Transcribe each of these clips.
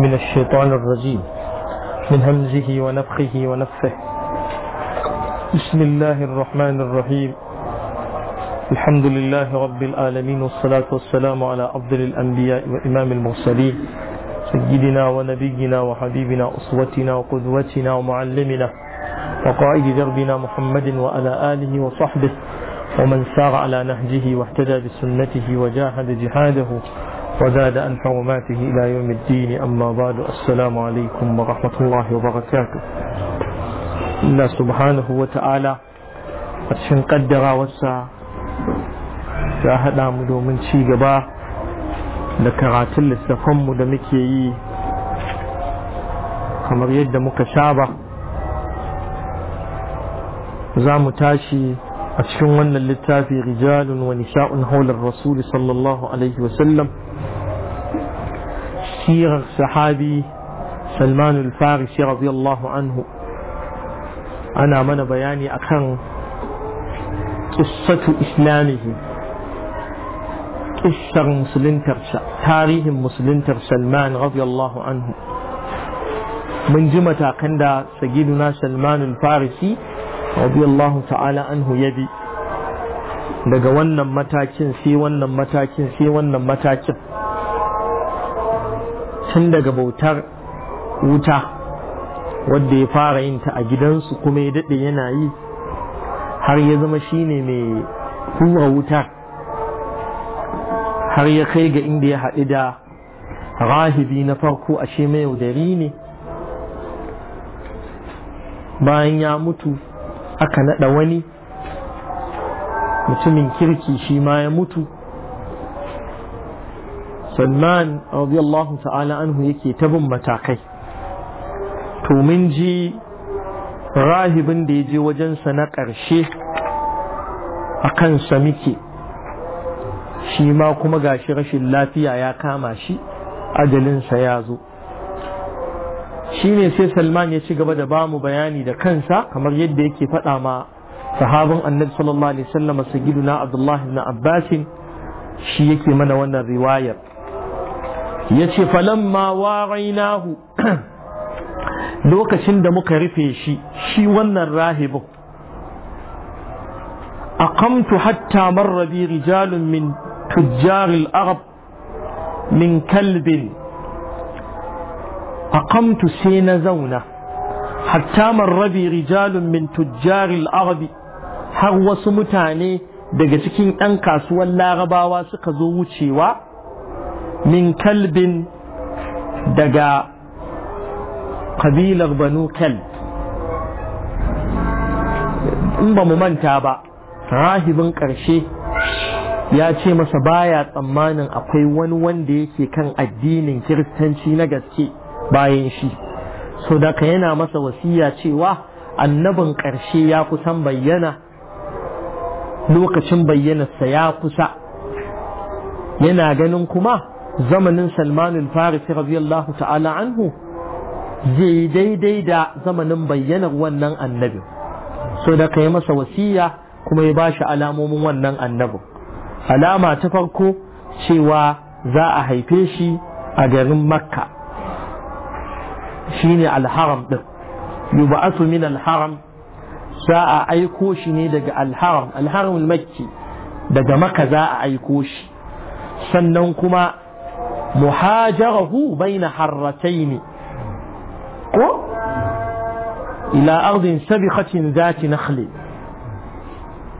من الشيطان الرجيم من همزه ونفخه ونفه بسم الله الرحمن الرحيم الحمد لله رب العالمين والصلاة والسلام على أفضل الأنبياء وإمام المرسلين سيدنا ونبينا وحبيبنا أسوتنا وقدوتنا ومعلمنا وقائد دربنا محمد وعلى آله وصحبه ومن سار على نهجه واهتدى بسنته وجاهد جهاده وزاد أن حرماته إلى يوم الدين أما بعد السلام عليكم ورحمة الله وبركاته الله سبحانه وتعالى أشن قدر وسع فأهد عمدو من شي قبا لكرات اللي سفم دمكي خمر يد مكشابة زام تاشي أشن ون اللتافي رجال ونساء هول الرسول صلى الله عليه وسلم sirar sahabi salman al-farisi anhu ana mana bayani akan qissatu islamihi qissar musuluntarsa tarihin musuluntar salman radiyallahu anhu mun ji matakan da sagiduna salman al-farisi radiyallahu ta'ala anhu ya bi daga wannan matakin sai wannan matakin sai wannan matakin tun daga bautar wuta wadda ya fara yin ta a gidansu kuma ya daɗe yana yi har ya zama shine mai kuma wutar har ya kai ga inda ya haɗu da rahibi na farko ashe mai yaudari ne bayan ya mutu aka naɗa wani mutumin kirki shi ma ya mutu salman radiyallahu ta'ala anhu yake ta bin matakai to min ji rahibin da ya je wajensa na ƙarshe a kansa muke shi ma kuma gashi rashin lafiya ya kama shi ajalinsa ya zo shi ne sai salman ya ci gaba da bamu bayani da kansa kamar yadda yake faɗa ma sahabin annabi sallallahu alaihi wasallam na abdullahi na abbasin shi yake mana wannan riwayar ya ce falamma rainahu? lokacin da muka rufe shi shi wannan rahibu. aqamtu hatta marra bi rijalun min tujjaril arab min kalbin aqamtu sai na zauna hatta marra bi rijalun min tujjaril arab har wasu mutane daga cikin ɗan kasuwan larabawa suka zo wucewa min kalbin daga kabilar banu Kel in ba mu manta ba rahibin ƙarshe ya ce masa baya tsammanin akwai wani wanda yake kan addinin kiristanci na gaske bayan shi so da yana masa wasiya cewa annabin ƙarshe ya kusan bayyana lokacin bayyanarsa ya kusa yana ganin kuma zamanin salman al-farisi radiyallahu ta'ala anhu zai yi daidai da zamanin bayyanar wannan annabin so da kai masa wasiya kuma ya ba shi alamomin wannan annabin alama ta farko cewa za a haife shi a garin makka shine alharam din yuba'asu min alharam za a aiko shi ne daga alharam alharam makki daga maka za a aiko shi sannan kuma محاجره بين حرتين إلى أرض سبخة ذات نخل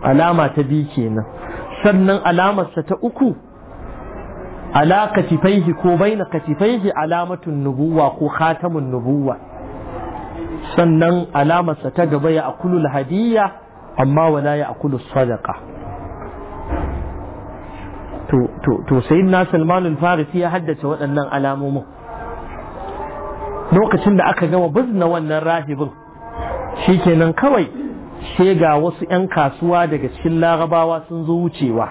علامة تبيكين سنن علامة ستأكو على كتفيه كو بين كتفيه علامة النبوة كو خاتم النبوة سنن علامة ستجب أكل الهدية أما ولا يأكل الصدقة to na Salman al-Farisi ya haddace waɗannan alamomin lokacin da aka gama bizna wannan rahibin shikenan kawai sai ga wasu 'yan kasuwa daga cikin larabawa sun zo wucewa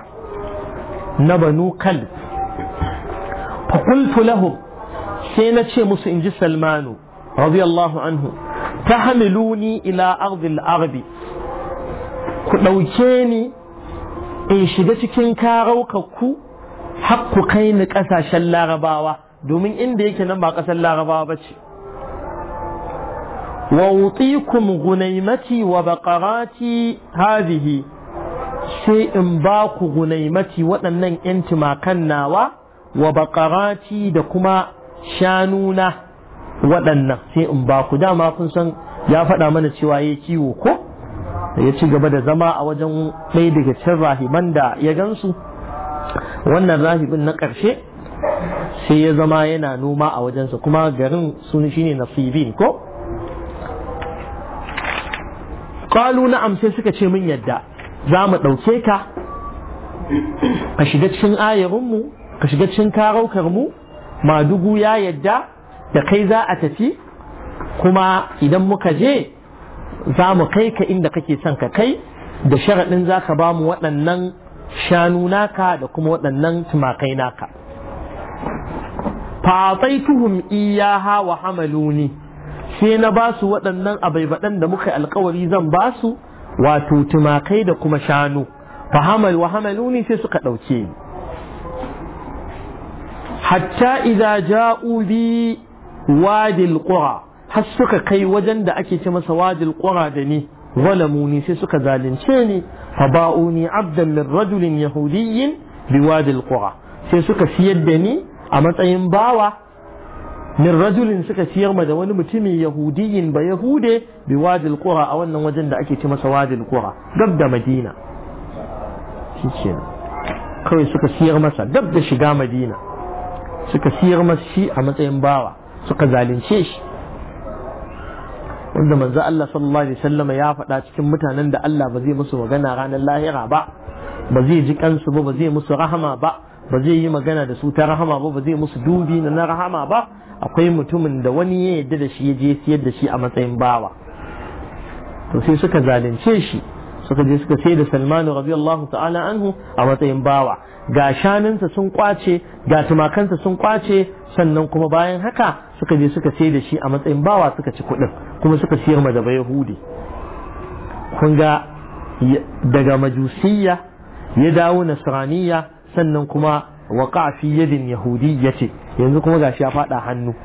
na banu kal fakultu lahu sai na ce musu in ji salmanu radiyallahu anhu ta hamiluni ila arzil arbi ku ɗauke ni in shiga cikin ku hakku kai ni ƙasashen larabawa domin inda yake nan ba ƙasar larabawa ba ce wa wutikum gunaimati wa baƙarati hadhihi sai in ba ku gunaimati waɗannan 'yan tumakan nawa wa baƙarati da kuma shanu na waɗannan sai in ba ku dama kun san ya faɗa mana cewa ya kiwo ko ya ci gaba da zama a wajen ɗaya daga cin rahiman da ya gansu wannan rahibin na ƙarshe sai ya zama yana noma a wajensa kuma garin sun na nasibin ko qalu na amsai suka ce min yadda za mu ɗauke ka ka shiga cikin ayarinmu ka shiga cikin karaukarmu madugu ya yadda da kai za a tafi kuma idan muka je za mu kai ka inda kake son ka kai da sharaɗin za ka ba mu waɗannan shanu naka da kuma waɗannan tumakai naka fa'ataituhum iyaha wa hamaluni sai na basu su waɗannan abaibaɗan da muka alkawari zan basu wato tumakai da kuma shanu fa hamal wa hamaluni sai suka ɗauke ni hatta idza ja'u bi wadil alqura har suka kai wajen da ake ce masa wadil alqura da ni zalamuni sai suka zalunce ni fa ba'uni abdan min rajulin yahudiyyin biwadi alqura sai suka siyar da ni a matsayin bawa min rajulin suka siyar ma da wani mutumin yahudiyin ba yahude biwadi alqura a wannan wajen da ake ci masa wadi alqura da madina shikenan kawai suka siyar masa gab da shiga madina suka siyar masa shi a matsayin bawa suka zalunce shi wanda manzo Allah sallallahu alaihi wasallam ya faɗa cikin mutanen da Allah ba zai musu magana ranar lahira ba ba zai ji kansu ba ba zai musu rahama ba ba zai yi magana da su ta rahama ba ba zai musu dubi na rahama ba akwai mutumin da wani ya yarda da shi ya je siyar da shi a matsayin bawa to sai suka zalunce shi suka je suka sai da Salmanu radiyallahu ta'ala anhu a matsayin bawa ga shanunsa sun kwace ga tumakansa sun kwace sannan kuma bayan haka suka je suka sai da shi a matsayin bawa suka ci kuɗin kuma suka siyar ma da yahudi kun ga daga majusiyya ya dawo nasraniya sannan kuma waqa fi yadin ya ce yanzu kuma gashi ya fada hannu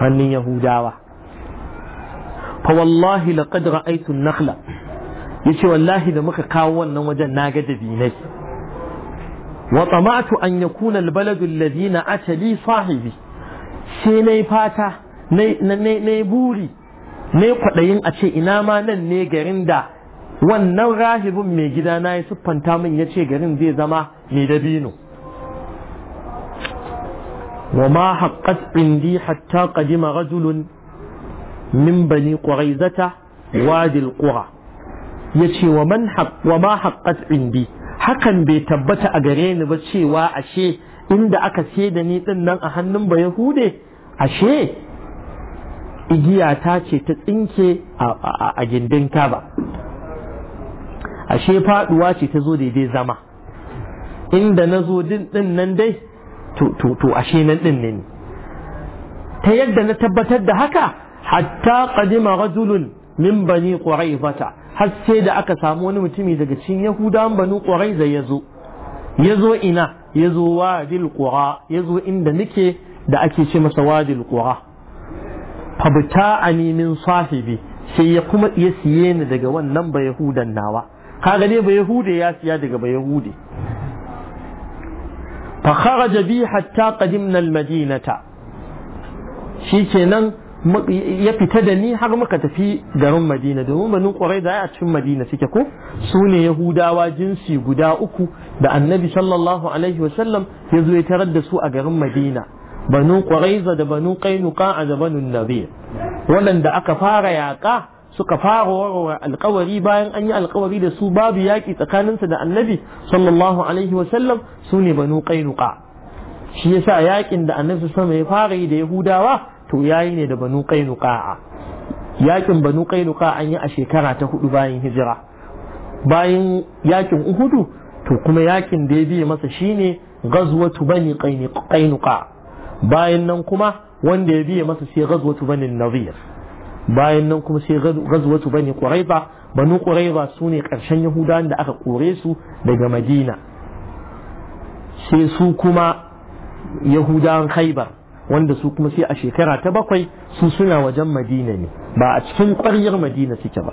hannun yahudawa fa wallahi laqad ra'aytu an-nakhla yace wallahi da muka kawo wannan wajen naga dabinai wa tama'tu an yakuna al-baladu alladhina atali sahibi sai nayi fata nai buri ne kwaɗayin a ce ina ma nan ne garin da wannan rahibin mai gida na ya siffanta min ya ce garin zai zama mai dabino wa ma haƙƙat indi hatta qadima rajulun min bani quraizata wadil qura Ya wa wa ma haqqat indi hakan bai tabbata a gare ni ba cewa ashe inda aka da ni ɗin nan a hannun ba yahude ashe igiya ta ce ta tsinke a gindin kaba ashe faduwa ce ta zo daidai zama inda na zo din nan dai to ashe nan din ne ta yadda na tabbatar da haka hatta qadima rajulun min bani quraizata har sai da aka samu wani mutumi daga cikin yahudawan banu quraiza ya yazo. ya ina yazo zo wadil qura ya zo inda nake da ake ce masa wadil qura a min sahibi sai ya kuma iya siye ni daga wannan ba yahudan nawa kaga ne ba yahude ya siya daga ba yahude fa kharaja bi hatta qadimna al madinata shikenan ya fita da ni har muka tafi garin madina domin banin ƙwarai da a cikin madina suke ko su ne yahudawa jinsi guda uku da annabi sallallahu alaihi wasallam ya zo ya tarar da su a garin madina banu quraiza da banu a da banu nadir waɗanda aka fara yaƙa suka fara warware alkawari bayan an yi alkawari da su babu yaƙi tsakaninsa da annabi sallallahu alaihi wasallam su ne banu qainuqa shi yasa yaƙin da annabi sama ya fara yi da yahudawa to yayi ne da banu qainuqa yaƙin banu ƙainuka an yi a shekara ta hudu bayan hijira bayan yaƙin uhudu to kuma yaƙin da ya biye masa shine ghazwatu bani qainuqa bayan nan kuma wanda ya biya masa sai ghazwatu bani nazir bayan nan kuma sai ghazwatu bani quraiba banu su sune ƙarshen yahudawan da aka kore su daga madina sai su kuma yahudawan khaibar wanda su kuma sai a shekara ta bakwai su suna wajen madina ne ba a cikin ƙwaryar madina suke ba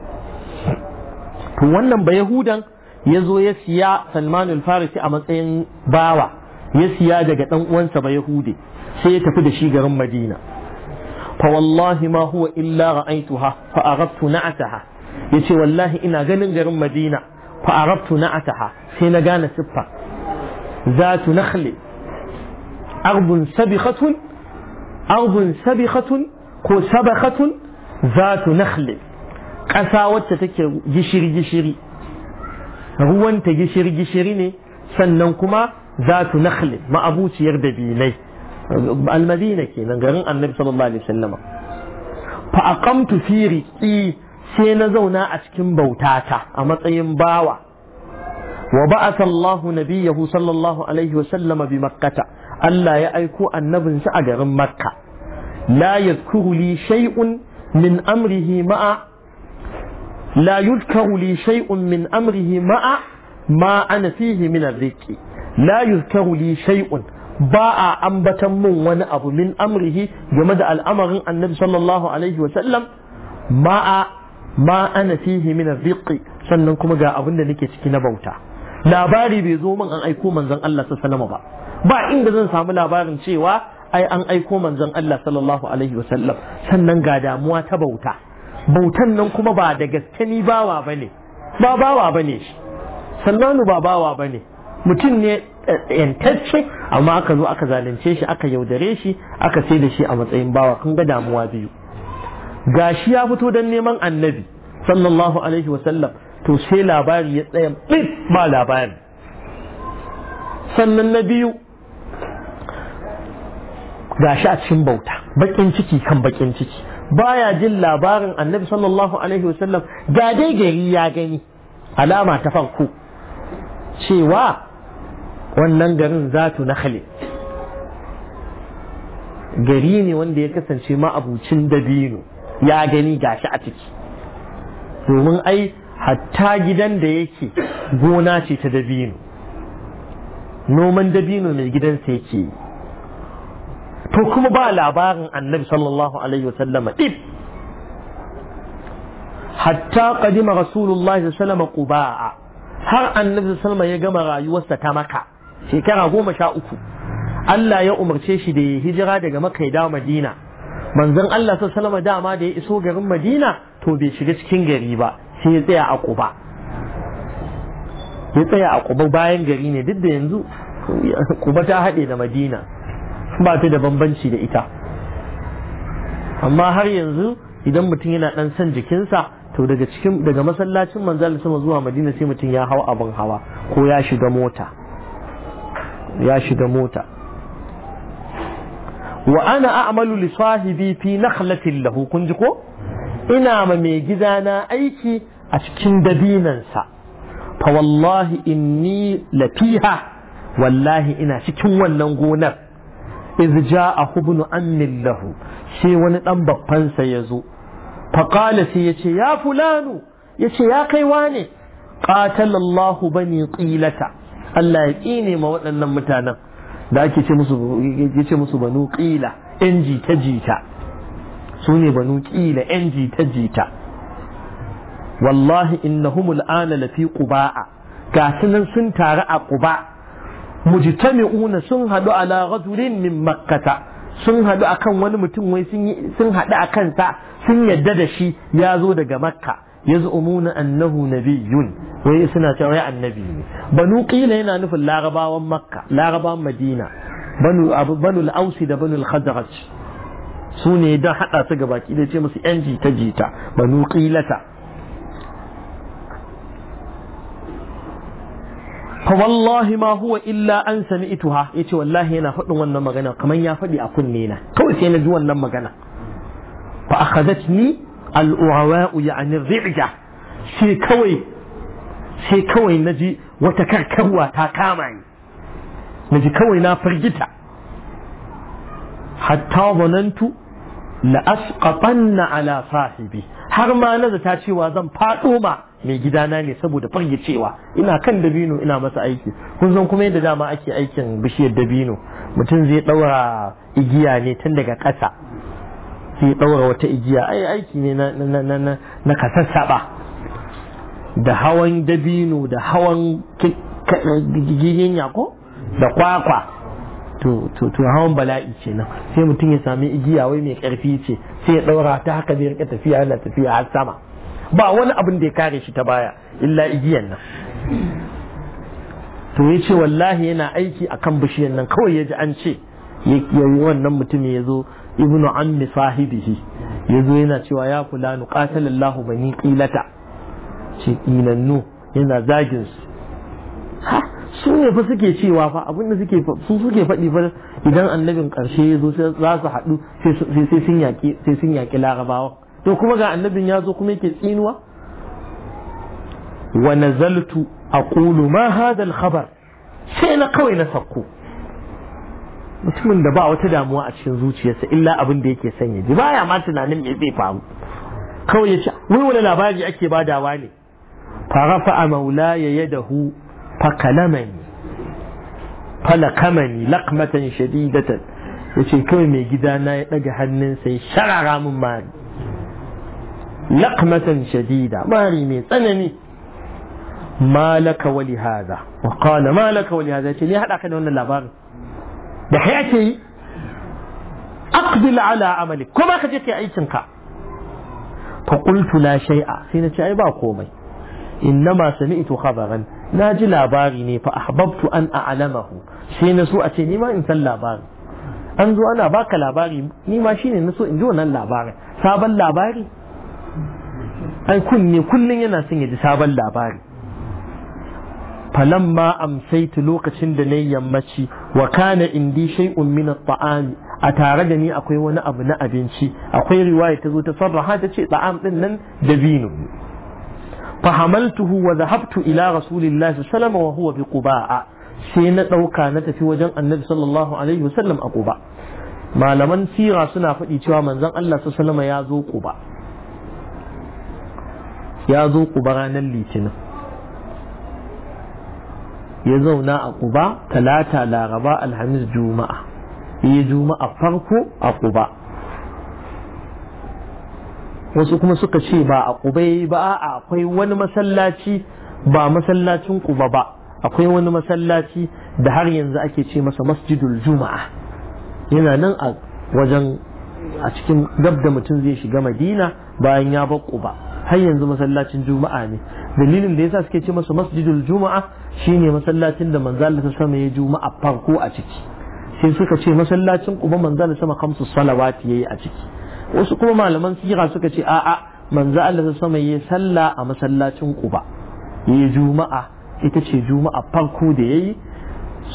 to wannan ba yahudan ya zo ya siya salmanul farisi a matsayin bawa ya siya daga ɗan uwansa ba yahude sai ya tafi da shi garin madina fa wallahi ma huwa illa ra'aituha fa arabtu na'ataha yace wallahi ina ganin garin madina fa arabtu na'ataha sai na gane siffa zatu nakhli arbun sabikhatun arbun sabikhatun ko sabakhatun zatu nakhli ƙasa wacce take gishiri-gishiri ruwanta gishiri-gishiri ne sannan kuma zatu nakhli ma'abuciyar dabilai al-madina kenan garin annabi sallallahu alaihi wasallam fa aqamtu fi riqi sai na zauna a cikin bautata a matsayin bawa wa ba'atha Allahu nabiyahu sallallahu alaihi wasallam bi makkata Allah ya aiko annabinsa a garin makka la yadhkuru li shay'un min amrihi ma'a لا يذكر لي شيء من أمره مع ما أنا فيه من الرق لا يذكر لي شيء ba a ambatan mun wani abu min amrihi game da al'amarin annabi sallallahu alaihi wasallam ma'a ma ana fihi min riqi sannan kuma ga abin da nake ciki na bauta labari bai zo min an aiko manzon Allah sallallahu ba ba inda zan samu labarin cewa ai an aiko manzon Allah sallallahu alaihi wasallam sannan ga damuwa ta bauta bautan nan kuma ba da gaske ni bawa bane ba bawa bane shi sallanu ba bawa bane mutum ne yantacce amma aka zo aka zalunce shi aka yaudare shi aka sai da shi a matsayin bawa kun ga damuwa biyu gashi ya fito don neman annabi sallallahu alaihi wasallam to sai labari ya tsaya bit ba labari sannan na biyu gashi a cikin bauta bakin ciki kan bakin ciki baya jin labarin annabi sallallahu alaihi wasallam ga dai gari ya gani alama ta farko cewa wannan garin zatu nakhli gari ne wanda ya kasance ma'abucin dabino ya gani gashi a ciki domin ai hatta gidan da yake gona ce ta dabino noman dabino mai gidansa yake yi to kuma ba labarin annabi sallallahu alaihi wasallama ɗin hatta kadima rasulullahi sallama quba'a har annabi sallama ya gama rayuwarsa ta maka shekara goma sha uku Allah ya umarce shi da ya hijira daga makaida Madina manzon Allah sallallahu dama da ya iso garin Madina to bai shiga cikin gari ba sai ya tsaya a Quba ya tsaya a Quba bayan gari ne duk da yanzu Quba ta haɗe da Madina ba ta da bambanci da ita amma har yanzu idan mutum yana ɗan son jikinsa to daga masallacin daga masallacin sama zuwa madina sai mutum ya hau abin hawa ko ya shiga mota ya shiga mota wa ana a'malu li sahibi fi nakhlatin lahu kun ji ko ina ma mai gidana aiki a cikin dabinansa fa wallahi inni lafiha wallahi ina cikin wannan gonar iz ja'a ibn ammin lahu sai wani dan babban sa yazo fa qala sai yace ya fulanu yace ya kai wane qatala bani qilata Allah ya ƙine ma waɗannan mutanen da ake ce musu ya ce musu banu ƙila jita jita su ne banu ƙila ƴan jita jita wallahi innahum al'ana lafi quba'a ga nan sun taru a quba mujtami'una sun hadu ala rajulin min makkata sun hadu akan wani mutum wai sun hadu akan sa sun yadda da shi ya zo daga makka yaz'umuna annahu nabiyyun wai suna cewa ya annabi ne banu qila yana nufin lagabawan makka lagabawan madina banu banu al-ausi da banu al-khazraj sune da hada su gaba ki da ce musu yan jita jita banu qilata fa wallahi ma huwa illa an sami'tuha yace wallahi yana faɗin wannan magana kaman ya faɗi a kunne na kawai sai na ji wannan magana fa akhadatni al-uwa'u ya'ni ar-ri'ja sai kawai sai kawai na ji wata karkarwa ta kama ni na ji kawai na firgita hatta zanantu la asqatanna ala sahibi har ma na zata cewa zan faɗo ma mai gidana ne saboda firgicewa ina kan dabino ina masa aiki kun san kuma yadda dama ake aikin bishiyar dabino mutum zai ɗaura igiya ne tun daga ƙasa Zai daura wata igiya ai aiki ne na na na da hawan dabino da hawan gigin yako da kwakwa to hawan bala'i ce nan sai mutum ya sami igiya wai mai karfi ce sai ya daura ta haka zai rika tafiya yana tafiya har sama ba wani abin da ya kare shi ta baya illa igiyan nan to ya ce wallahi yana aiki akan bishiyan nan kawai ya ji an ce ya yi wannan mutum ya zo ibnu ammi sahibihi ya zo yana cewa ya fulanu qatalallahu bani qilata ce yana zagin su su ne fa suke cewa fa abin da suke su suke faɗi fa idan annabin ƙarshe ya zo za su haɗu sai sun yaƙi larabawa to kuma ga annabin ya zo kuma yake tsinuwa wa nazaltu aqulu ma hadha al-khabar sai na kawai na sakko mutumin da ba wata damuwa a cikin zuciyarsa illa abin da yake sanya ji baya ma tunanin me zai faru kawai ya ce wai wani labari ake badawa ne فرفع مولاي يده فكلمني فلقمني لقمة شديدة يقول كوي مي جدانا يتلقى حنن سي شرع ماري لقمة شديدة ماري مي سنني ما لك ولهذا وقال ما لك ولهذا يقول لي هذا كان هنا لابار بحياتي أقبل على عملك كما خجيك يا أي شنكا فقلت لا شيء سينا شيء باقومي innama ito habaran na ji labari ne fa ahbabtu an a'lamahu sai na so a ce nima in san labari an zo ana baka labari nima shine na so in ji wannan labarin sabon labari ai kunne kullun yana son ya ji sabon labari falamma amsaitu lokacin da nayi yammaci wa kana indi shay'un min at-ta'am a tare da ni akwai wani abu na abinci akwai riwaya ta zo ta sarraha ta ce ta'am din nan da vino fahamaltuhu wa zahabtu ila rasulillahi sallallahu alaihi wa huwa sai na ɗauka na tafi wajen annabi sallallahu alaihi wasallam a quba malaman sira suna faɗi cewa manzon Allah sallallahu alaihi ya zo quba ranar litinin ya zauna a quba talata laraba alhamis juma'a yi juma'a farko a quba wasu kuma suka ce ba a ƙuba ba a akwai wani masallaci ba masallacin ƙuba ba akwai wani masallaci da har yanzu ake ce masa masjidul juma'a yana nan a wajen a cikin gab da mutum zai shiga madina bayan ya bar ƙuba har yanzu masallacin juma'a ne dalilin da yasa suke ce masa masjidul juma'a shine masallacin da manzo Allah sama ya juma'a farko a ciki sai suka ce masallacin ƙuba manzo Allah sama kamsu salawati yi a ciki wasu kuma malaman sira suka ce a'a manzo Allah sama yayi sallah a masallacin Quba yayi juma'a ita ce juma'a farko da yayi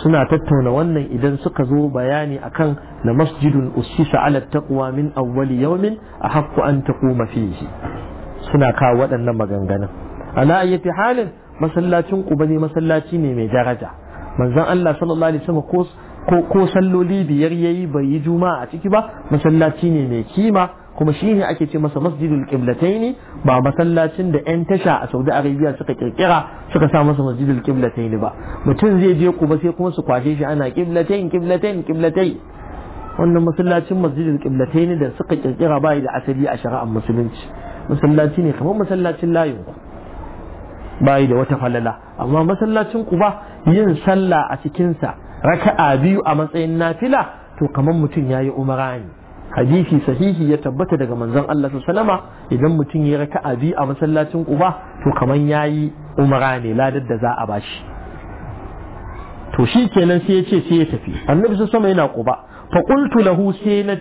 suna tattauna wannan idan suka zo bayani akan na masjidun usisa ala taqwa min awwali yawmin ahaqqu an taquma fihi suna kawo waɗannan maganganun ala ayyati halin masallacin Quba ne masallaci ne mai daraja manzon Allah sallallahu alaihi wasallam ko ko salloli biyar yayi bai yi juma'a a ciki ba masallaci ne mai kima kuma shi ne ake ce masa masjidul qiblatain ba masallacin da yan tasha a Saudi Arabia suka kirkira suka sa masa masjidul qiblatain ba mutum zai je kuma sai kuma su kwashe shi ana qiblatain qiblatain qiblatain wannan masallacin masjidul qiblatain da suka kirkira bai da asali a shari'ar musulunci masallaci ne kamar masallacin layin bai da wata falala amma masallacin kuba yin sallah a cikinsa raka'a biyu a matsayin nafila to kamar mutum ya yi umara ne hadisi sahihi ya tabbata daga manzon Allah sallama idan mutum ya raka'a biyu a masallacin Quba to kamar ya yi umara ne ladar da za a bashi to shi kenan sai ya ce sai ya tafi annabi sama yana kuba fa qultu lahu sai na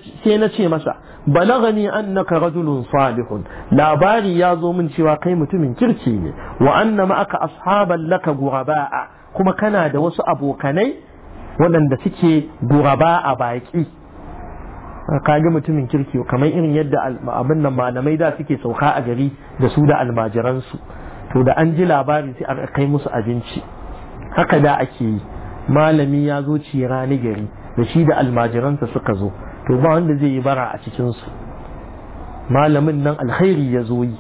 ce masa balagani annaka rajulun salihun labari ya zo min cewa kai mutumin kirki ne wa anna aka ashaban laka guraba'a kuma kana da wasu abokanai waɗanda suke guraba a baƙi kage mutumin kirki kamar irin yadda abin nan malamai da suke sauka a gari da su da almajiransu to da an ji labari sai a kai musu abinci haka da ake yi malami ya zo cira ni gari da shi da almajiransa suka zo to ba wanda zai yi bara a cikinsu malamin nan alkhairi ya zo yi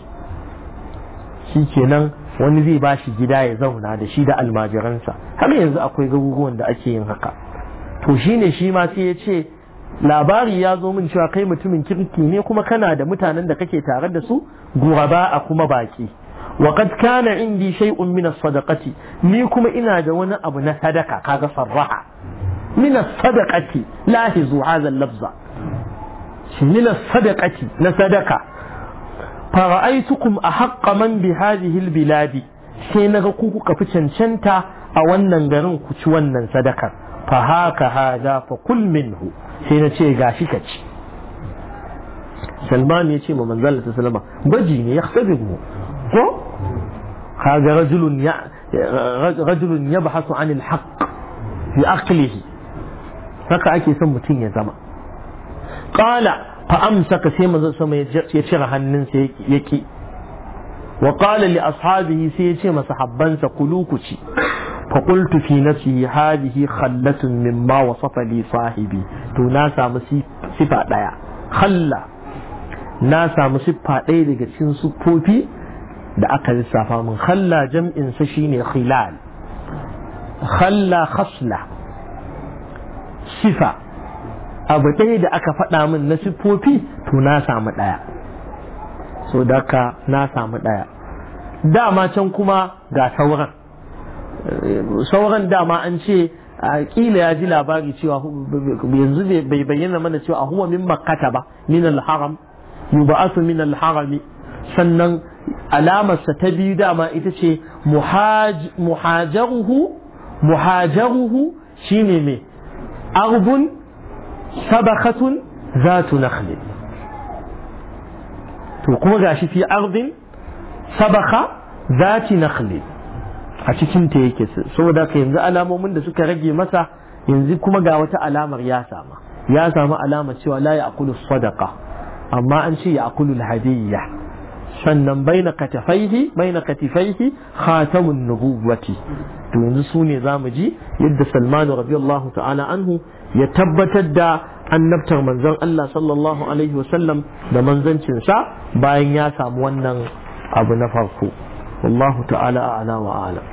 shi kenan wani zai ba shi gida ya zauna da shi da almajiransa har yanzu akwai garuruwan da ake yin haka to shine shi ma sai ya ce labari ya zo min cewa kai mutumin kirki ne kuma kana da mutanen da kake tare da su guraba a kuma baki wa qad kana indi shay'un min as ni kuma ina da wani abu na sadaka kaga sarraha min as-sadaqati lahizu na sadaka فرأيتكم أحق من بهذه البلاد سينا غقوكو كفشن شنتا أولا غرون شوانا صدقا فهاك هذا فقل منه سينا شيء غاشي سلمان يتي ممن ذالة سلمان بجيني يختبره هذا رجل رجل يبحث عن الحق بأقله فكأكي ثم تيني زمان قال fa amsaka sai manzon sama ya cire hannunsa ya ki wa qala li ashabihi sai ya ce masa habbansa kulu ku ci fa qultu fi nafsi hadhihi khallatun mimma wasafa li sahibi to na samu sifa daya khalla na samu sifa daya daga cikin sufofi da aka lissafa min khalla jam'in sa shine khilal khalla khasla sifa abu ɗaya da aka faɗa min na siffofi to na samu ɗaya so daka na samu ɗaya dama can kuma ga sauran sauran dama an ce a ƙila ya ji labari cewa yanzu bai bayyana mana cewa huwa min makata ba min al-haram yub'athu min alharami sannan alamarsa ta biyu dama ita ce muhajaruhu muhajaruhu shine mai arbun sabakhatun zatu nakhl to kuma gashi fi ardin sabakha zati nakhl a cikin ta yake saboda ka yanzu alamomin da suka rage masa yanzu kuma ga wata alamar ya sama ya samu alama cewa la ya'kulu sadaqa amma an ce ya'kulu al-hadiyya sannan baina katifaihi baina katifaihi khatamun nubuwati to yanzu su ne zamu ji yadda salmanu radiyallahu ta'ala anhu ya tabbatar da annabtar manzon Allah sallallahu alaihi wasallam da manzancin sa bayan ya samu wannan abu na farko Allahu ta'ala a'la wa ala.